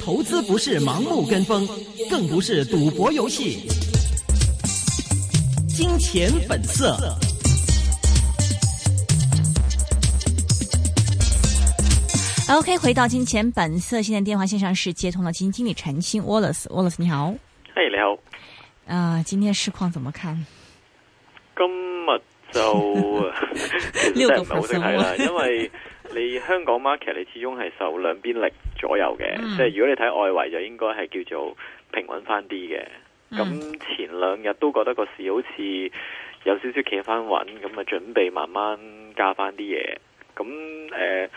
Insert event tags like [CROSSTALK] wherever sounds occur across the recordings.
投資不是盲目跟風，更不是賭博遊戲。金錢本色。OK，回到金錢本色，現在電話線上是接通了基金經理陳昕 Wallace，Wallace 你好。h 嗨，你好。啊，今天市況怎麼看？今日就，真係唔好睇啦，因為。你香港 market 你始終係受兩邊力左右嘅，嗯、即係如果你睇外圍就應該係叫做平穩翻啲嘅。咁、嗯、前兩日都覺得個市好似有少少企翻穩，咁啊準備慢慢加翻啲嘢。咁誒。呃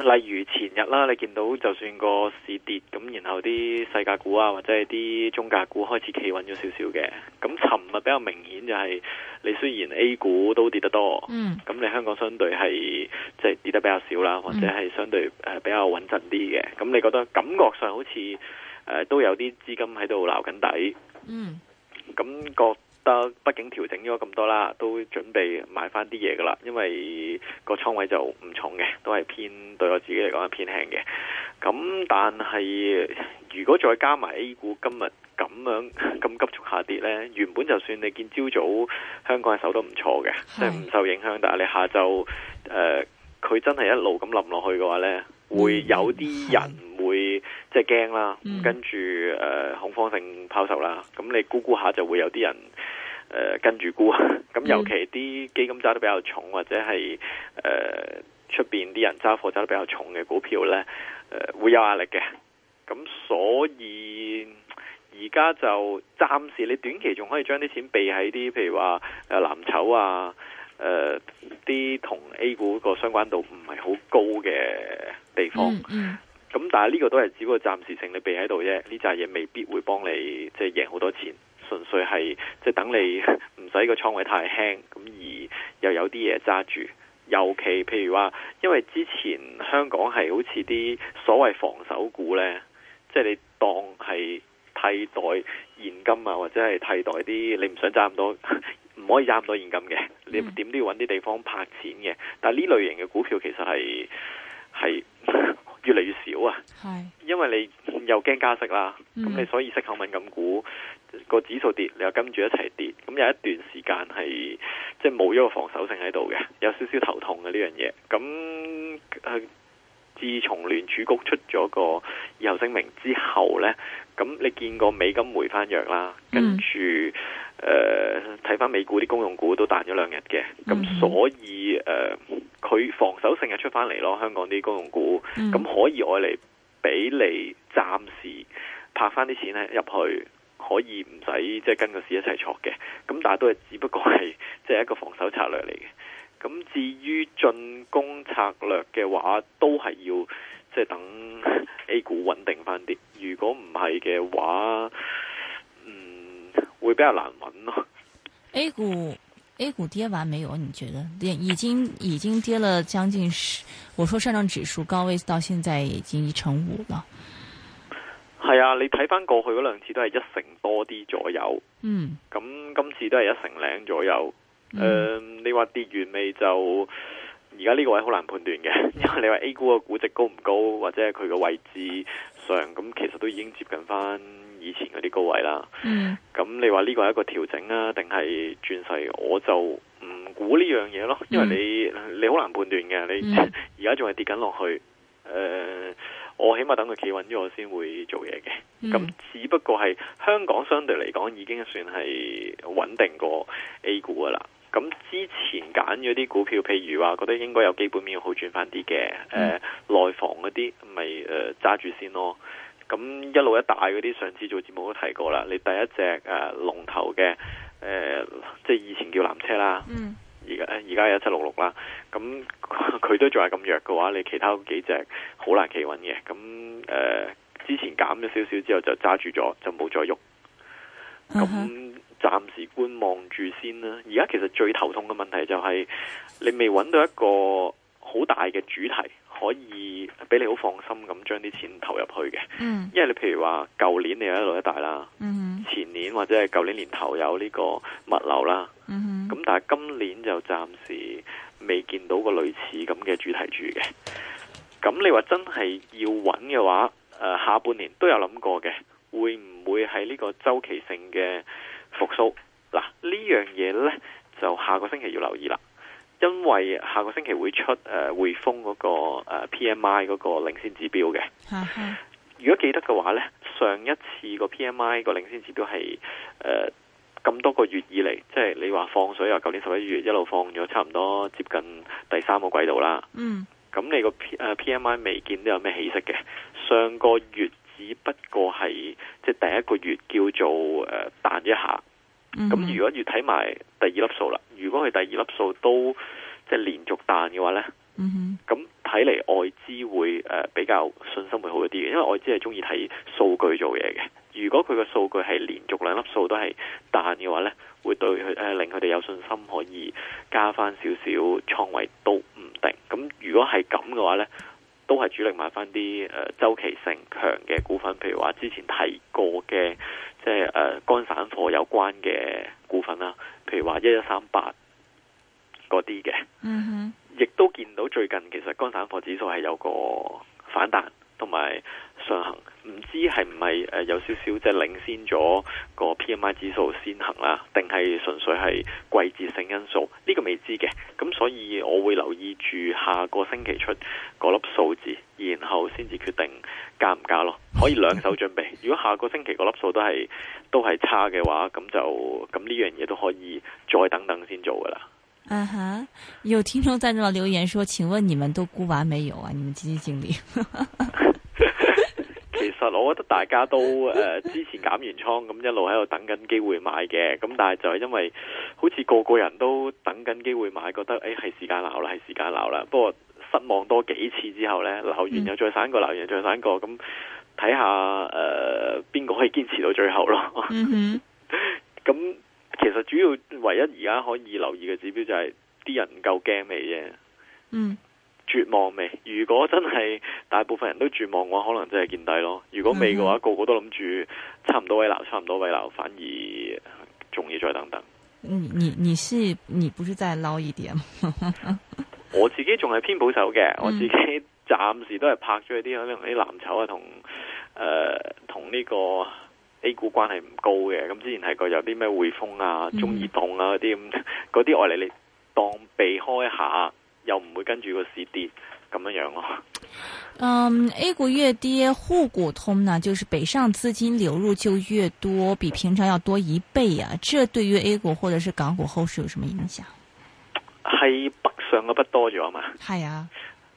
例如前日啦，你見到就算個市跌咁，然後啲細價股啊或者係啲中價股開始企穩咗少少嘅，咁尋日比較明顯就係你雖然 A 股都跌得多，嗯，咁你香港相對係即係跌得比較少啦，或者係相對比較穩陣啲嘅，咁你覺得感覺上好似誒、呃、都有啲資金喺度撈緊底，嗯，感覺。得，畢竟調整咗咁多啦，都準備買返啲嘢噶啦，因為個倉位就唔重嘅，都係偏對我自己嚟講係偏輕嘅。咁但係如果再加埋 A 股，今日咁樣咁急速下跌呢，原本就算你見朝早香港嘅手都唔錯嘅，即係唔受影響，但係你下晝呃、佢真係一路咁冧落去嘅話呢，會有啲人會。即係驚啦，嗯、跟住誒、呃、恐慌性拋售啦，咁你沽沽下就會有啲人誒、呃、跟住沽。咁尤其啲基金揸得比較重或者係誒出邊啲人揸貨揸得比較重嘅股票咧，誒、呃、會有壓力嘅。咁所以而家就暫時你短期仲可以將啲錢避喺啲，譬如話誒藍籌啊，誒啲同 A 股個相關度唔係好高嘅地方。嗯嗯但係呢個都係只不過暫時性你避喺度啫，呢扎嘢未必會幫你即係、就是、贏好多錢，純粹係即係等你唔使個倉位太輕，咁而又有啲嘢揸住。尤其譬如話，因為之前香港係好似啲所謂防守股呢，即、就、係、是、你當係替代現金啊，或者係替代啲你唔想揸咁多，唔可以揸咁多現金嘅，你點都要揾啲地方拍錢嘅。但係呢類型嘅股票其實係係，是越嚟越少啊，係，因為你又驚加息啦，咁、嗯、你所以息口敏感股，個指數跌，你又跟住一齊跌，咁有一段時間係即係冇一個防守性喺度嘅，有少少頭痛嘅呢樣嘢，咁誒。啊自從聯儲局出咗個議息聲明之後呢，咁你見過美金回翻弱啦，嗯、跟住睇翻美股啲公用股都彈咗兩日嘅，咁所以佢、呃、防守性係出翻嚟咯，香港啲公用股，咁、嗯、可以我嚟俾你暫時拍翻啲錢咧入去，可以唔使即係跟個市一齊錯嘅，咁但係都係只不過係即係一個防守策略嚟嘅。咁至於進攻策略嘅話，都係要即係、就是、等 A 股穩定翻啲。如果唔係嘅話，嗯，會比較難揾咯。A 股 A 股跌完沒有？你覺得？已經已經跌了將近十。我說上證指數高位到現在已經一成五了。係啊，你睇翻過去嗰兩次都係一成多啲左右。嗯。咁今次都係一成零左右。誒、嗯嗯，你話跌完未，就而家呢個位好難判斷嘅，因為你話 A 股嘅估值高唔高，或者係佢嘅位置上，咁其實都已經接近翻以前嗰啲高位啦。嗯，咁你話呢個係一個調整啊，定係轉勢？我就唔估呢樣嘢咯，因為你你好難判斷嘅。你而家仲係跌緊落去，誒、嗯呃，我起碼等佢企穩咗，我先會做嘢嘅。咁、嗯、只不過係香港相對嚟講已經算係穩定過 A 股噶啦。咁之前揀咗啲股票，譬如話覺得應該有基本面好轉翻啲嘅，誒、嗯呃、內房嗰啲，咪誒揸住先咯。咁一路一帶嗰啲，上次做節目都提過啦。你第一隻誒、呃、龍頭嘅，誒、呃、即係以前叫藍車啦。嗯，而家而家有一七六六啦。咁佢都仲係咁弱嘅話，你其他幾隻好難企穩嘅。咁誒、呃、之前減咗少少之後就揸住咗，就冇再喐。咁。嗯。暫時觀望住先啦。而家其實最頭痛嘅問題就係、是、你未揾到一個好大嘅主題，可以俾你好放心咁將啲錢投入去嘅。嗯、因為你譬如話舊年你有一路一帶啦，嗯、哼 前年或者係舊年年頭有呢個物流啦，咁、嗯、哼 但係今年就暫時未見到個類似咁嘅主題住嘅。咁你話真係要揾嘅話，下半年都有諗過嘅，會唔會係呢個周期性嘅？復蘇嗱呢樣嘢呢，就下個星期要留意啦，因為下個星期會出誒、呃、匯豐嗰、嗰個誒、呃、P M I 嗰個領先指標嘅。 [LAUGHS] 如果記得嘅話呢，上一次個 P M I 個領先指標係誒咁多個月以嚟，即係你話放水啊舊年十一月一路放咗差唔多接近第三個季度啦。嗯 [LAUGHS] 呃，咁你個 P 誒 P M I 未見都有咩起色嘅，上個月。只不過係即係第一個月叫做誒彈、呃、一下，咁、mm hmm。如果要睇埋第二粒數啦，如果佢第二粒數都即係連續彈嘅話咧，咁睇嚟外資會誒、呃、比較信心會好一啲嘅，因為外資係中意睇數據做嘢嘅。如果佢嘅數據係連續兩粒數都係彈嘅話咧，會對佢誒、呃、令佢哋有信心可以加翻少少倉位都唔定。咁如果係咁嘅話咧。都係主力買翻啲誒周期性強嘅股份，譬如話之前提過嘅，即係誒乾散貨有關嘅股份啦，譬如話一一三八嗰啲嘅，嗯哼，亦都見到最近其實乾散貨指數係有個反彈，同埋上行，唔知係唔係誒有少少即係領先咗個 P M I 指數先行啦，定係純粹係季節性因素，呢個未知嘅。咁所以我會留意住下個星期出嗰粒數字，然後先至決定加唔加咯。可以兩手準備。 [LAUGHS] 如果下個星期嗰粒數都係都係差嘅話，咁就咁呢樣嘢都可以再等等先做噶啦。嗯哼、啊，有聽眾在呢度留言說，請問你們都估完沒有啊？你們基金經理。 [LAUGHS] 其實我覺得大家都誒、呃、之前減完倉，咁一路喺度等緊機會買嘅，咁但係就係因為好似個個人都等緊機會買，覺得誒係、欸、時間鬧啦，係時間鬧啦。不過失望多幾次之後呢，鬧完又再散個，鬧完又再散個，咁睇下誒邊個可以堅持到最後咯。咁、mm hmm. [LAUGHS] 其實主要唯一而家可以留意嘅指標就係、是、啲人唔夠驚你啫。嗯、mm。Hmm. 絕望未？如果真係大部分人都絕望嘅話，可能真係見底咯。如果未嘅話，mm hmm. 個個都諗住差唔多位樓，差唔多位樓，反而仲要再等等。你你你是你不是再撈一點？ [LAUGHS] 我自己仲係偏保守嘅，mm hmm. 我自己暫時都係拍咗一啲可能啲藍籌啊，同誒同呢個 A 股關係唔高嘅。咁之前係個有啲咩匯豐啊、中移動啊嗰啲咁，嗰啲我嚟你當避開一下。又唔會跟住個市跌咁樣樣、啊、咯。嗯、um,，A 股越跌，滬股通呢，就是北上資金流入就越多，比平常要多一倍啊！這對於 A 股或者是港股後市有什麼影響？係北上嘅不多咗嘛？係啊，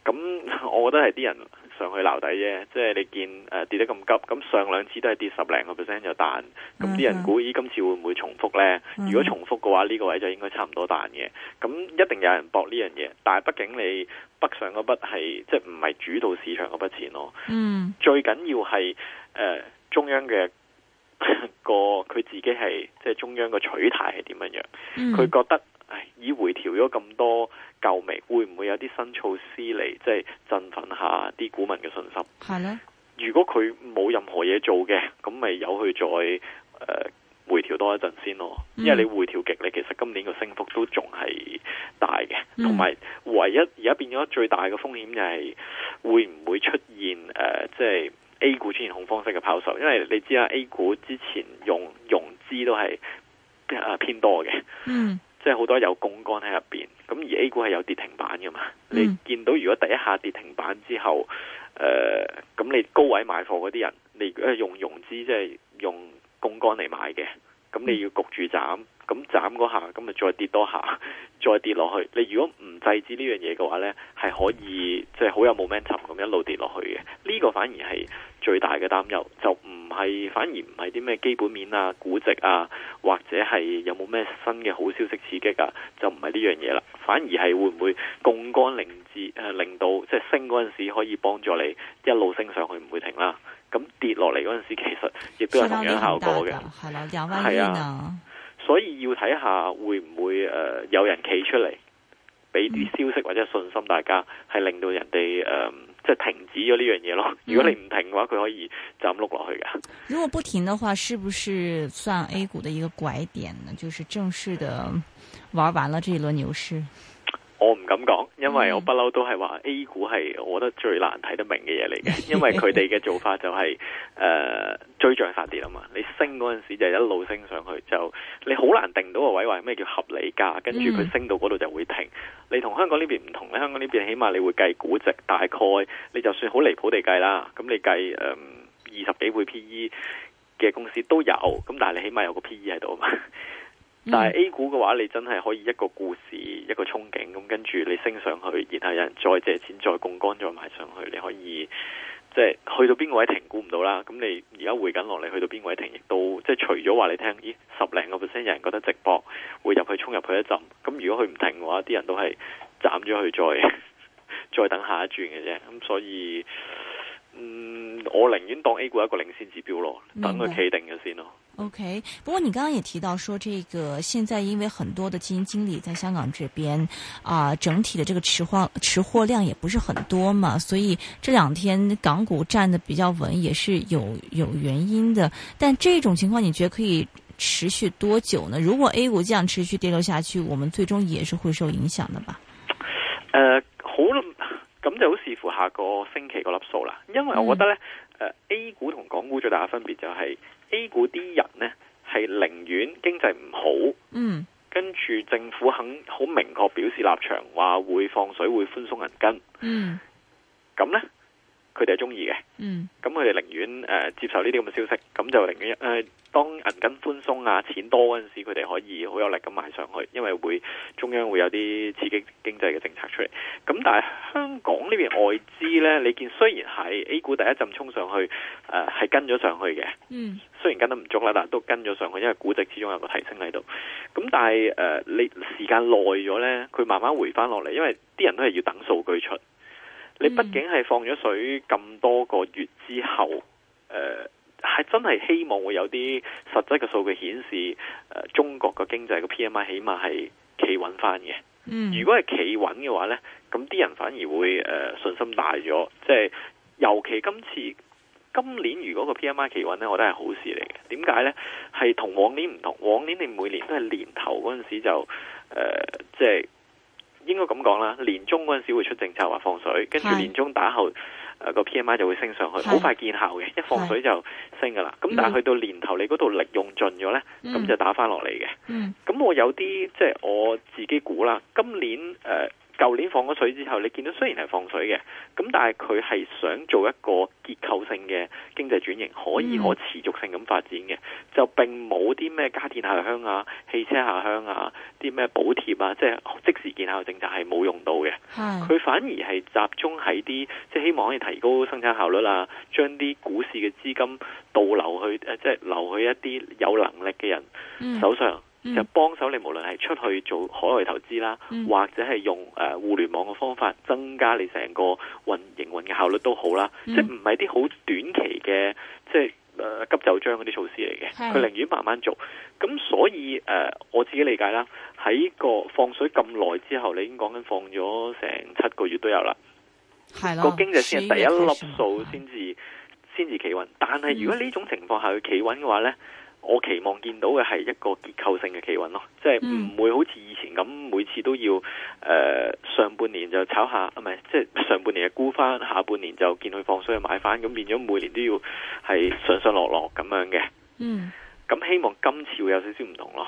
咁 Yeah. 我覺得係啲人。上去撈底啫，即係你見誒、呃、跌得咁急，咁上兩次都係跌十零個 percent 就彈，咁啲、mm hmm. 人估依今次會唔會重複呢？Mm hmm. 如果重複嘅話，呢、這個位就應該差唔多彈嘅。咁一定有人搏呢樣嘢，但係畢竟你北上嗰筆係即係唔係主導市場嗰筆錢咯。嗯、mm，hmm. 最緊要係誒、呃、中央嘅個佢自己係即係中央嘅取態係點樣樣，佢、mm hmm. 覺得。唉，已回調咗咁多舊味，會唔會有啲新措施嚟，即係振奮下啲股民嘅信心？係呢如果佢冇任何嘢做嘅，咁咪有去再誒、呃、回調多一陣先咯。因為你回調極力，其實今年嘅升幅都仲係大嘅，同埋唯一而家變咗最大嘅風險就係會唔會出現誒、呃，即係 A 股出現恐慌式嘅拋售。因為你知啊，A 股之前用融資都係、呃、偏多嘅。嗯。即係好多有槓桿喺入面，咁而 A 股係有跌停板㗎嘛。你見到如果第一下跌停板之後，咁、呃、你高位買貨嗰啲人，你用融資即係用槓桿嚟買嘅，咁你要焗住斬。咁斬嗰下，咁咪再跌多下，再跌落去。你如果唔制止呢樣嘢嘅話呢係可以即係好有 momentum 咁、um、一路跌落去嘅。呢、呢個反而係最大嘅擔憂，就唔係反而唔係啲咩基本面啊、估值啊，或者係有冇咩新嘅好消息刺激啊，就唔係呢樣嘢啦。反而係會唔會槓桿令至令到即係、就是、升嗰陣時可以幫助你一路升上去唔會停啦。咁跌落嚟嗰陣時其實亦都有同樣效果嘅，係有分啊。所以要睇下會唔會誒有人企出嚟俾啲消息或者信心，大家係、嗯、令到人哋誒、呃、即係停止咗呢樣嘢咯。如果你唔停嘅話，佢可以就咁碌落去㗎。如果不停嘅話，是不是算 A 股嘅一個拐點呢？就是正式的玩完了這一輪牛市。我唔敢講，因為我不嬲都係話 A 股係我覺得最難睇得明嘅嘢嚟嘅。 [LAUGHS] 因為佢哋嘅做法就係、是、誒、呃、追漲殺跌啊嘛，你升嗰陣時就一路升上去，就你好難定到個位，話咩叫合理價，跟住佢升到嗰度就會停。你同香港呢邊唔同，香港呢邊起碼你會計估值，大概你就算好離譜地計啦，咁你計誒二十幾倍 P E 嘅公司都有，咁但係你起碼有個 P E 喺度啊嘛。但係 A 股嘅話，你真係可以一個故事、一個憧憬，咁跟住你升上去，然後有人再借錢、再槓桿、再買上去，你可以即係去到邊個位停，估唔到啦。咁你而家回緊落嚟，去到邊個位停？亦都即係除咗話你聽，咦十零個 percent 有人覺得直播會入去衝入去一陣。咁如果佢唔停嘅話，啲人都係斬咗去，再 [LAUGHS] 再等下一轉嘅啫。咁所以，嗯，我寧願當 A 股一個領先指標咯，等佢企定咗先咯。OK，不過你剛剛也提到說，這個現在因為很多的基金經理在香港這邊，啊、呃，整體的這個持貨持貨量也不是很多嘛，所以這兩天港股站得比較穩，也是有有原因的。但這種情況你覺得可以持續多久呢？如果 A 股這樣持續跌落下去，我們最終也是會受影響的吧？呃好，咁就好視乎下個星期嗰粒數了。因為我覺得呢、嗯呃、A 股同港股最大嘅分別就係 A 股啲人呢，係寧願經濟唔好，跟住政府肯好明確表示立場，話會放水會寬鬆銀根，嗯，咁呢。佢哋係中意嘅，咁佢哋寧願誒接受呢啲咁嘅消息，咁就寧願誒、呃、當銀根寬鬆啊，錢多嗰陣時，佢哋可以好有力咁賣上去，因為會中央會有啲刺激經濟嘅政策出嚟。咁但係香港呢邊外資呢，你見雖然係 A 股第一陣衝上去，誒、呃、係跟咗上去嘅，嗯、雖然跟得唔足啦，但都跟咗上去，因為估值始終有個提升喺度。咁但係誒、呃、你時間耐咗呢，佢慢慢回翻落嚟，因為啲人都係要等數據出。你畢竟係放咗水咁多個月之後，誒、呃，係真係希望會有啲實質嘅數據顯示，誒、呃，中國嘅經濟個 PMI 起碼係企穩翻嘅。如果係企穩嘅話咧，咁啲人反而會誒、呃、信心大咗，即、就、係、是、尤其今次今年如果個 PMI 企穩咧，我覺得係好事嚟嘅。點解咧？係同往年唔同，往年你每年都係年頭嗰陣時就誒、即、呃、係。就是應該咁講啦，年中嗰陣時會出政策話放水，跟住年中打後，誒個 PMI 就會升上去，好是 快見效嘅。是 一放水就升噶啦，咁是 但係去到年頭你嗰度力用盡咗呢，咁是 就打翻落嚟嘅。咁是 我有啲即係我自己估啦，今年、呃舊年放咗水之後，你見到雖然係放水嘅，咁但係佢係想做一個結構性嘅經濟轉型，可以可持續性咁發展嘅，嗯、就並冇啲咩家電下鄉啊、汽車下鄉啊、啲咩補貼啊，即係即時見效嘅政策係冇用到嘅。係，佢反而係集中喺啲即係希望可以提高生產效率啦、啊，將啲股市嘅資金倒流去即係流去一啲有能力嘅人手上。嗯就幫手你，無論係出去做海外投資啦，嗯、或者係用互聯網嘅方法增加你成個運營運嘅效率都好啦。即係唔係啲好短期嘅，即、就、係、是呃、急走章嗰啲措施嚟嘅。佢的寧願慢慢做。咁所以、呃、我自己理解啦，喺個放水咁耐之後，你已經講緊放咗成七個月都有啦。係啦的，個經濟先係第一粒數先至先至企穩。但係如果呢種情況下去企穩嘅話咧？嗯我期望見到嘅係一個結構性嘅企穩咯，即係唔會好似以前咁每次都要誒、呃、上半年就炒下，唔係即係上半年就沽翻，下半年就見佢放水買翻，咁變咗每年都要係上上落落咁樣嘅。嗯，咁希望今次會有少少唔同咯。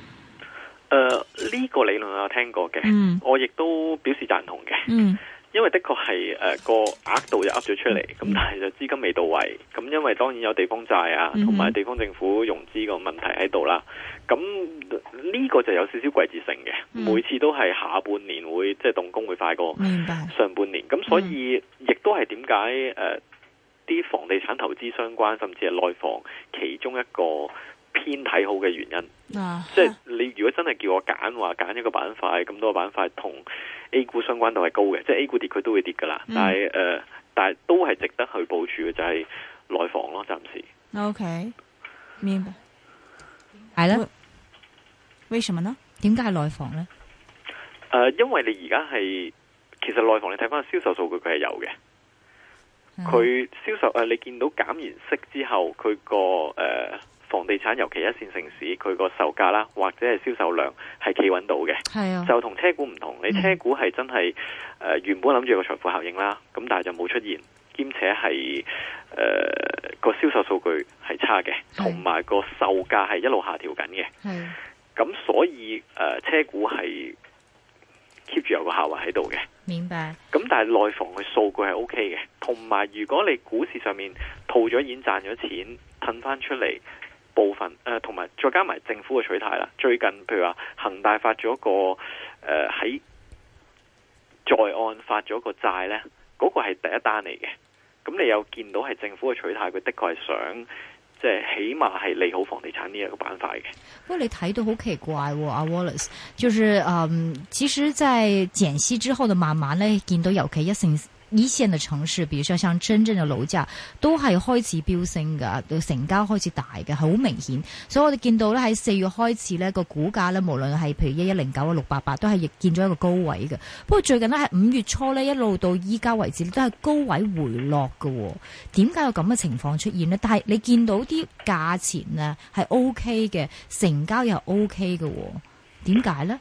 誒，呢、呃這個理論我聽過嘅，嗯、我亦都表示贊同嘅，嗯、因為的確係誒個額度就噏咗出嚟，咁但係就資金未到位，咁因為當然有地方債啊，同埋、嗯嗯、地方政府融資個問題喺度啦，咁呢個就有少少季節性嘅，嗯、每次都係下半年會即係、就是、動工會快過，上半年，咁白所以亦都係點解誒啲房地產投資相關，甚至係內房其中一個偏睇好嘅原因，啊、即係。你如果真係叫我揀話揀一個板塊，咁多個板塊同 A 股相關度係高嘅，即係 A 股跌佢都會跌噶啦、嗯呃。但係誒，但係都係值得去部署嘅就係、是、內房咯，暫時。OK，明白。係咯呢？為什麼呢？點解係內房呢？誒、呃，因為你而家係其實內房你睇翻銷售數據佢係有嘅，佢銷售誒、呃，你見到減完息之後佢個誒。它的呃房地產尤其一線城市，佢個售價啦，或者係銷售量係企穩到嘅，係啊，就同車股唔同。嗯、你車股係真係誒、呃，原本諗住個財富效應啦，咁但係就冇出現，兼且係誒個銷售數據係差嘅，同埋個售價係一路下調緊嘅，係。咁所以誒、呃、車股係 keep 住有個下滑喺度嘅，明白內、OK。咁但係內房嘅數據係 O K 嘅，同埋如果你股市上面套咗現賺咗錢，褪翻出嚟。部分，誒同埋再加埋政府嘅取態啦。最近譬如話恒大發咗個誒，喺、呃、在岸發咗個債咧，嗰、那個係第一單嚟嘅。咁你又見到係政府嘅取態，佢的確係想即係起碼係利好房地產呢一個板塊嘅。不過你睇到好奇怪，哦，阿、啊、Wallace 就係誒、嗯，其實在減息之後就慢慢咧見到，尤其一線。以前嘅城市，比如說像深圳嘅樓價，都係開始飆升噶，成交開始大嘅，好明顯。所以我哋見到咧喺四月開始咧個股價咧，無論係譬如一一零九啊六八八，都係亦見咗一個高位嘅。不過最近呢，喺五月初咧一路到依家為止都係高位回落嘅。點解有咁嘅情況出現呢？但係你見到啲價錢呢，係 OK 嘅，成交又 OK 嘅，點解呢？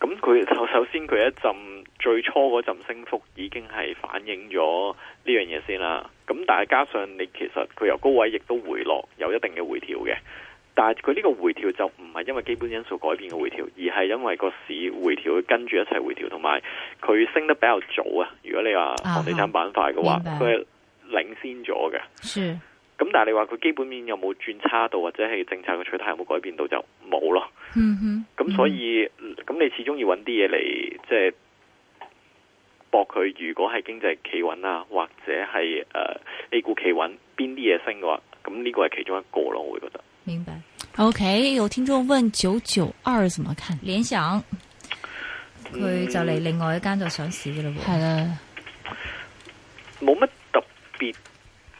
咁佢首首先佢一陣最初嗰陣升幅已經係反映咗呢樣嘢先啦。咁但係加上你其實佢由高位亦都回落，有一定嘅回調嘅。但係佢呢個回調就唔係因為基本因素改變嘅回調，而係因為個市回調，跟住一齊回調，同埋佢升得比較早啊。如果你話房地產板塊嘅話，佢，啊，係領先咗嘅。咁是但係你話佢基本面有冇轉差到，或者係政策嘅取態有冇改變到就？冇咯，咁、嗯、哼所以咁、嗯、哼你始終要搵啲嘢嚟，即、就、係、是、博佢。如果係經濟企穩啊，或者係誒 A 股企穩，邊啲嘢升嘅話，咁呢個係其中一個咯。我會覺得。明白。OK，有聽眾問九九二點睇？聯想佢就嚟另外一間就上市嘅咯，係啦、嗯。冇乜特別。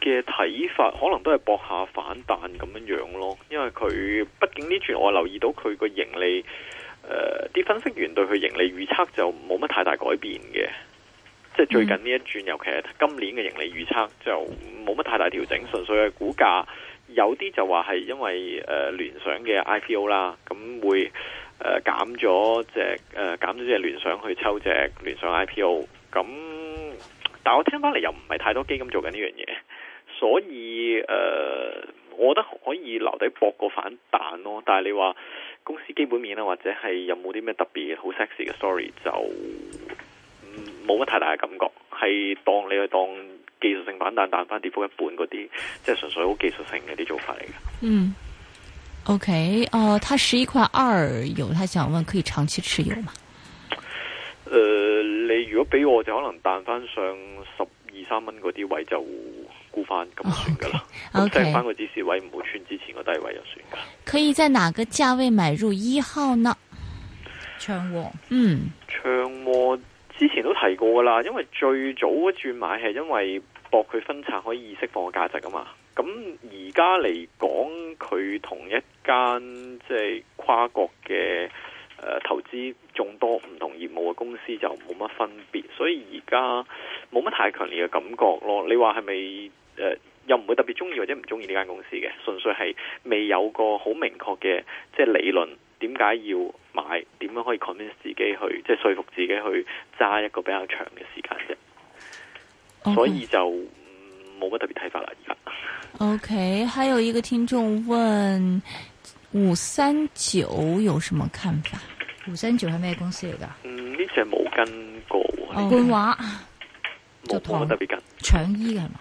嘅睇法可能都係博下反彈咁樣樣咯，因為佢畢竟呢轉我留意到佢個盈利，誒，啲分析員對佢盈利預測就冇乜太大改變嘅，即係最近呢一轉，嗯、尤其係今年嘅盈利預測就冇乜太大調整，純粹係股價有啲就話係因為誒聯想嘅 IPO 啦，咁會誒減咗隻誒減咗隻聯想去抽隻聯想 IPO，咁但係我聽翻嚟，又唔係太多基金做緊呢樣嘢。所以誒、呃，我覺得可以留底搏個反彈咯。但係你話公司基本面咧，或者係有冇啲咩特別好 sexy 嘅 story 就冇乜、嗯、太大嘅感覺，係當你去當技術性反彈，彈翻跌幅一半嗰啲，即、就、係、是、純粹好技術性嘅啲做法嚟嘅。嗯，OK，哦、呃，佢十一塊二有，佢想問可以長期持有嗎？誒、呃，你如果俾我就可能彈翻上十二三蚊嗰啲位就。估翻咁算噶啦，即係翻個支持位唔好穿之前個低位就算噶。可以在哪個價位買入一號呢？長和嗯，長和之前都提過噶啦，因為最早轉買係因為博佢分拆可以釋放個價值啊嘛。咁而家嚟講，佢同一間即係跨國嘅誒、呃、投資眾多唔同業務嘅公司就冇乜分別，所以而家冇乜太強烈嘅感覺咯。你話係咪？誒、呃，又唔會特別中意或者唔中意呢間公司嘅，純粹係未有一個好明確嘅即係理論，點解要買？點樣可以 convince 自己去即係說服自己去揸一個比較長嘅時間啫。所以就冇乜 Okay. 特別睇法啦。而家。OK，還有一個聽眾問五三九有什麼看法？五三九係咩公司嚟㗎？呢隻冇跟過。冠華。冇冇特別跟。搶衣嘅係嘛？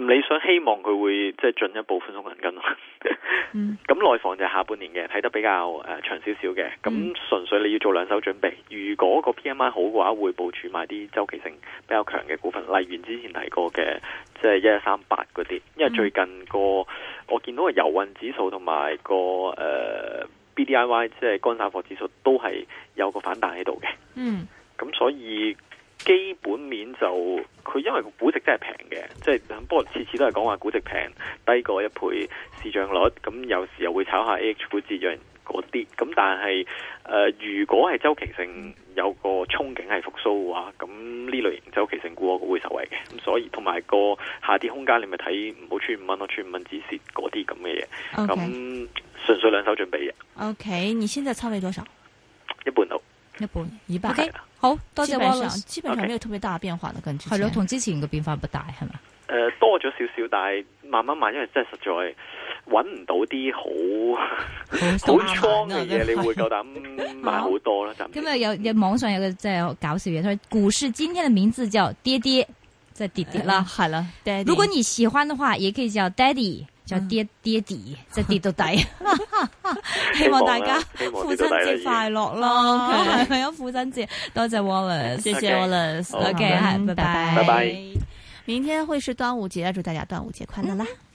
唔理想，希望佢會即係進一步寬鬆銀根，咁 [LAUGHS] 內房就係下半年嘅睇得比較誒長少少嘅，咁純粹你要做兩手準備。如果個 P M I 好嘅話，會部署買啲周期性比較強嘅股份，例如之前提過嘅即係一一三八嗰啲，因為最近個我見到個油運指數同埋個誒 B D I Y 即係乾散貨指數都係有一個反彈喺度嘅。嗯，咁所以。基本面就佢因為個估值真係平嘅，即、就、係、是、不過次次都係講話估值平低過一倍市賬率，咁有時又會炒一下 A H 股折讓嗰啲，咁但係誒、呃、如果係周期性有個憧憬係復蘇嘅話，咁呢類型周期性股我會受惠嘅，咁所以同埋個下跌空間你咪睇唔好穿五蚊咯，穿五蚊止蝕嗰啲咁嘅嘢，咁 Okay. 純粹兩手準備嘅。O、okay. K，你現在倉位多少？一半到。一半二百，okay，好多謝網上基本上沒有特別大嘅變化啦，Okay 跟住係咯，同之前嘅變化不大係咪？誒、呃，多咗少少，但係慢慢慢，因為真係實在揾唔到啲好好倉嘅嘢， [LAUGHS] 你會夠膽買很多 [LAUGHS] 好多啦。咁啊時，有有網上有個真係搞笑嘢，佢話股市今天嘅名字叫爹爹，即係跌跌」啦、嗯。係啦，如果你喜歡嘅話，也可以叫 Daddy」。再跌一跌一啲，即係跌到底。希望大家父親節快樂啦！係咪啊？父親節，多謝 Wallace， [LAUGHS] 謝謝 Wallace。OK，拜拜。拜拜 bye。明天會是端午節，祝大家端午節快樂啦！嗯